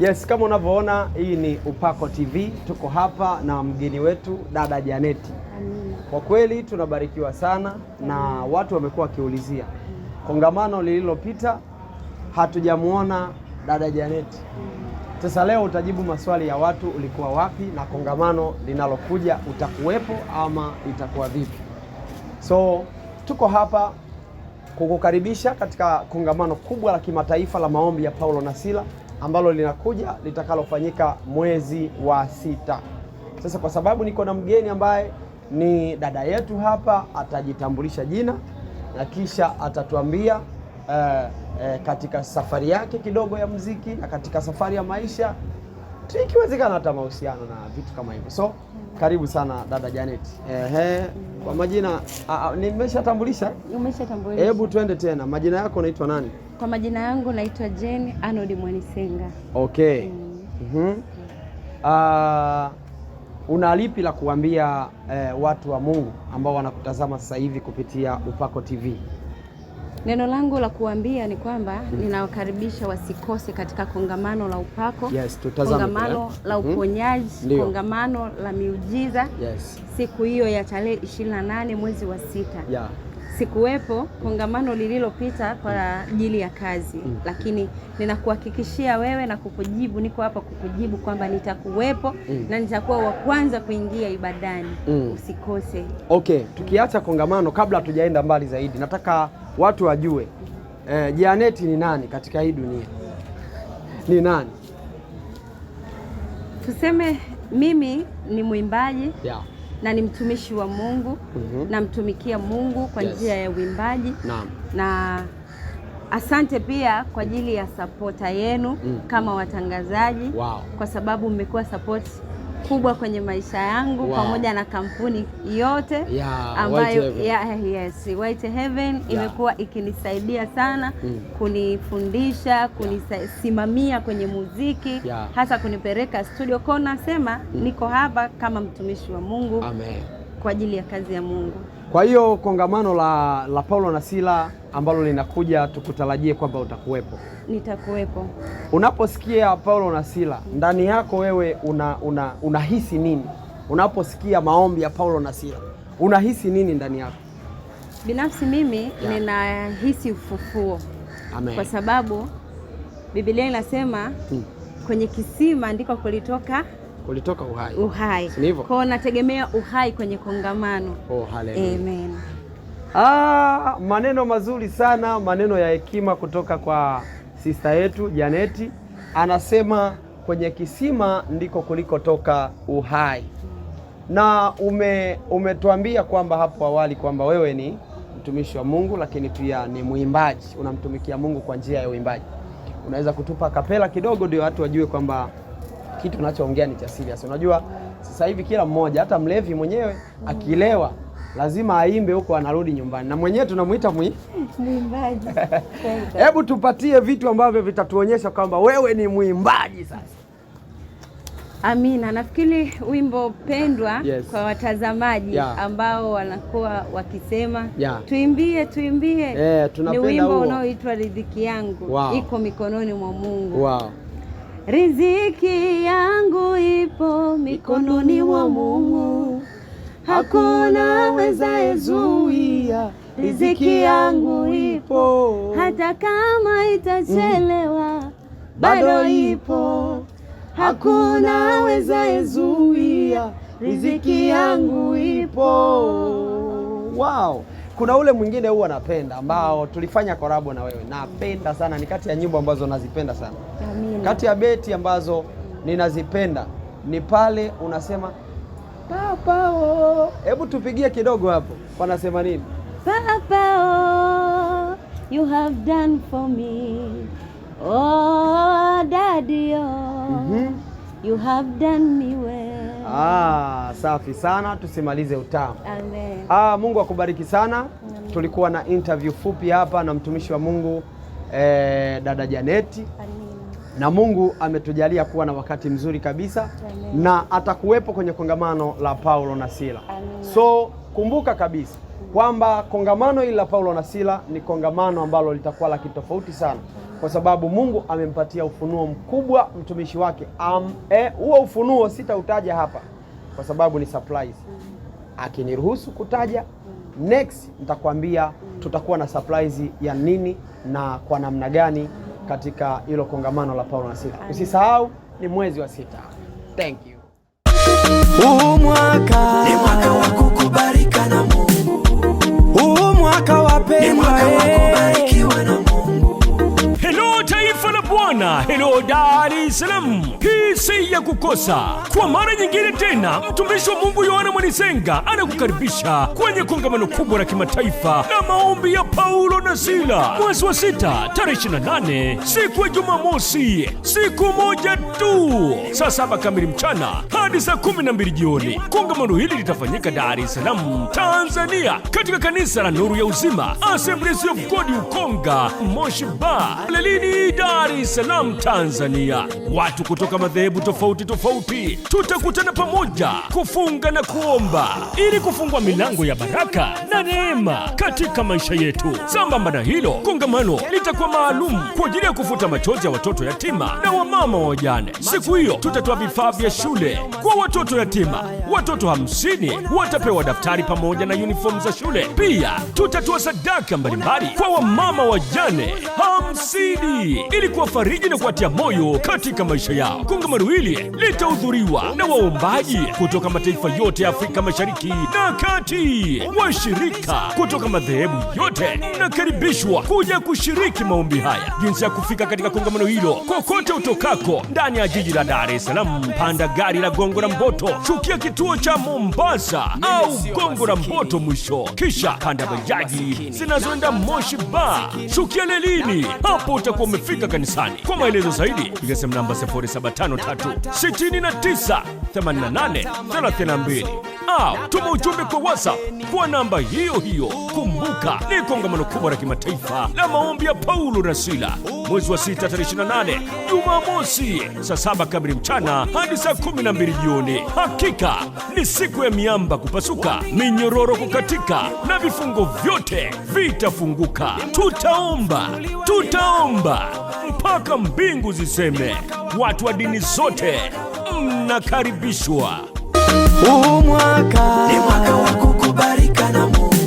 Yes, kama unavyoona hii ni Upako TV, tuko hapa na mgeni wetu dada Janeti. Kwa kweli tunabarikiwa sana na watu wamekuwa wakiulizia kongamano lililopita hatujamuona dada Janeti. Sasa leo utajibu maswali ya watu, ulikuwa wapi na kongamano linalokuja utakuwepo ama itakuwa vipi? So tuko hapa kukukaribisha katika kongamano kubwa la kimataifa la maombi ya Paulo na Sila ambalo linakuja litakalofanyika mwezi wa sita. Sasa kwa sababu niko na mgeni ambaye ni dada yetu hapa, atajitambulisha jina na kisha atatuambia eh, eh, katika safari yake kidogo ya muziki na katika safari ya maisha ikiwezekana hata mahusiano na vitu kama hivyo. So karibu sana dada Janet. Ehe. Kwa majina nimeshatambulisha. Umeshatambulisha. Hebu twende tena, majina yako unaitwa nani? Kwa majina yangu naitwa Jane Arnold Mwanisenga. Okay. Mm. Mm -hmm. Uh, una lipi la kuambia eh, watu wa Mungu ambao wanakutazama sasa hivi kupitia Upako TV? Neno langu la kuambia ni kwamba ninawakaribisha wasikose katika kongamano la upako. Yes, kongamano la hmm? uponyaji mm, kongamano la miujiza yes, siku hiyo ya tarehe 28 mwezi wa sita yeah sikuwepo kongamano lililopita kwa ajili ya kazi mm. Lakini ninakuhakikishia wewe na kukujibu, niko hapa kukujibu kwamba nitakuwepo mm. na nitakuwa wa kwanza kuingia ibadani mm. Usikose. Okay, tukiacha kongamano, kabla hatujaenda mbali zaidi, nataka watu wajue eh, Janeth ni nani katika hii dunia, ni nani? Tuseme mimi ni mwimbaji yeah na ni mtumishi wa Mungu mm -hmm. namtumikia Mungu kwa yes. njia ya uimbaji na, na asante pia kwa ajili ya sapota yenu mm. kama watangazaji wow. kwa sababu mmekuwa sapoti kubwa kwenye maisha yangu wow. Pamoja na kampuni yote yeah, ambayo White Heaven, yeah, yes, White Heaven yeah. Imekuwa ikinisaidia sana mm. kunifundisha, kunisimamia yeah. kwenye muziki yeah. hasa kunipeleka studio kwao, nasema mm. niko hapa kama mtumishi wa Mungu Amen. kwa ajili ya kazi ya Mungu. Kwa hiyo kongamano la, la Paulo na Sila ambalo linakuja tukutarajie kwamba utakuwepo. Nitakuwepo. Unaposikia Paulo na Sila ndani yako wewe una, una, unahisi nini? Unaposikia maombi ya Paulo na Sila unahisi nini ndani yako? Binafsi mimi yeah, ninahisi ufufuo. Amen. Kwa sababu Biblia inasema hmm, kwenye kisima ndiko kulitoka ulitoka uhai, uhai. Sinivo? Kwa nategemea uhai kwenye kongamano. Oh, haleluya. Amen. Ah, maneno mazuri sana, maneno ya hekima kutoka kwa sista yetu Janeti. Anasema kwenye kisima ndiko kulikotoka uhai, na ume umetuambia kwamba hapo awali kwamba wewe ni mtumishi wa Mungu, lakini pia ni mwimbaji, unamtumikia Mungu kwa njia ya uimbaji. Unaweza kutupa kapela kidogo, ndio watu wajue kwamba kitu unachoongea ni cha serious. Unajua sasa hivi kila mmoja, hata mlevi mwenyewe akilewa lazima aimbe huko, anarudi nyumbani na mwenyewe tunamuita mwi mwimbaji. Hebu tupatie vitu ambavyo vitatuonyesha kwamba wewe ni mwimbaji sasa. Amina, nafikiri wimbo pendwa yes, kwa watazamaji yeah, ambao wanakuwa wakisema yeah, tuimbie tuimbie, yeah, ni wimbo unaoitwa ridhiki yangu wow, iko mikononi mwa Mungu wow. Riziki yangu ipo mikononi mwa Mungu, hakuna wezaye zuia. Riziki yangu ipo, hata kama itachelewa, mm, bado ipo, hakuna wezaye zuia. Riziki yangu ipo. Wow kuna ule mwingine huwa napenda ambao tulifanya korabo na wewe, napenda sana, ni kati ya nyimbo ambazo nazipenda sana. Amina. Kati ya beti ambazo ninazipenda ni pale unasema papa o, hebu tupigie kidogo hapo, wanasema nini? Papa o, you have done for me oh, daddy o, oh. mm -hmm. you have done me well. Ah, safi sana, tusimalize utamu. Amen. Ah, Mungu akubariki sana. Amen. Tulikuwa na interview fupi hapa na mtumishi wa Mungu eh, dada Janeti. Amen. Na Mungu ametujalia kuwa na wakati mzuri kabisa. Amen. Na atakuwepo kwenye kongamano la Paulo na Sila. Amen. So kumbuka kabisa kwamba kongamano hili la Paulo na Sila ni kongamano ambalo litakuwa la kitofauti sana kwa sababu Mungu amempatia ufunuo mkubwa mtumishi wake eh, huo. ufunuo sitautaja hapa kwa sababu ni surprise. Akiniruhusu kutaja next, nitakwambia tutakuwa na surprise ya nini na kwa namna gani katika hilo kongamano la Paulo na Sila. Usisahau ni mwezi wa sita. Thank you. Huu mwaka ni mwaka wa kukubarika na Mungu. Huu mwaka wapendwa Dar es Salaam. Hii si ya kukosa. Kwa mara nyingine tena, mtumishi wa Mungu Yohana Mwanisenga anakukaribisha kwenye kongamano kubwa la kimataifa na maombi ya Paulo na Sila mwezi wa sita tarehe 28 siku ya Jumamosi, siku moja tu, saa saba kamili mchana hadi saa 12 jioni. Kongamano hili litafanyika Dar es Salaam, Tanzania, katika kanisa la Nuru ya Uzima Assemblies of God Ukonga Moshi Bar, Lelini, Dar es Salaam, Tanzania. Tanzania, watu kutoka madhehebu tofauti tofauti, tutakutana pamoja kufunga na kuomba ili kufungua milango ya baraka na neema katika maisha yetu. Sambamba na hilo, kongamano litakuwa maalum kwa ajili ya kufuta machozi ya watoto yatima na wamama wa wajane. Siku hiyo tutatoa vifaa vya shule kwa watoto yatima. Watoto hamsini watapewa daftari pamoja na uniform za shule. Pia tutatoa sadaka mbalimbali kwa wamama wajane hamsini ili kuwafariji na kuwatia moyo katika maisha yao. Kongamano hili litahudhuriwa na waombaji kutoka mataifa yote ya Afrika Mashariki na Kati. Washirika kutoka madhehebu yote mnakaribishwa kuja kushiriki maombi haya. Jinsi ya kufika katika kongamano hilo, kokote utokako ndani ya jiji la Dar es Salaam, panda gari la Gongo la Mboto, shukia kituo cha Mombasa au Gongo la Mboto mwisho, kisha panda bajaji zinazoenda Moshi Ba, shukia lelini. Hapo utakuwa umefika kanisani. Kwa maelezo zaidi piga simu namba 0753698832 au tuma ujumbe kwa WhatsApp kwa namba hiyo hiyo. Kumbuka ni kongamano kubwa la kimataifa la maombi ya Paulo na Sila mwezi wa 6 tarehe 28 Jumamosi, saa saba kamili mchana hadi saa 12 jioni. Hakika ni siku ya miamba kupasuka, minyororo kukatika na vifungo vyote vitafunguka. Tutaomba, tutaomba mpaka mbingu ziseme, watu wa dini zote mnakaribishwa. Huu mwaka ni mwaka wa kukubarika na Mungu.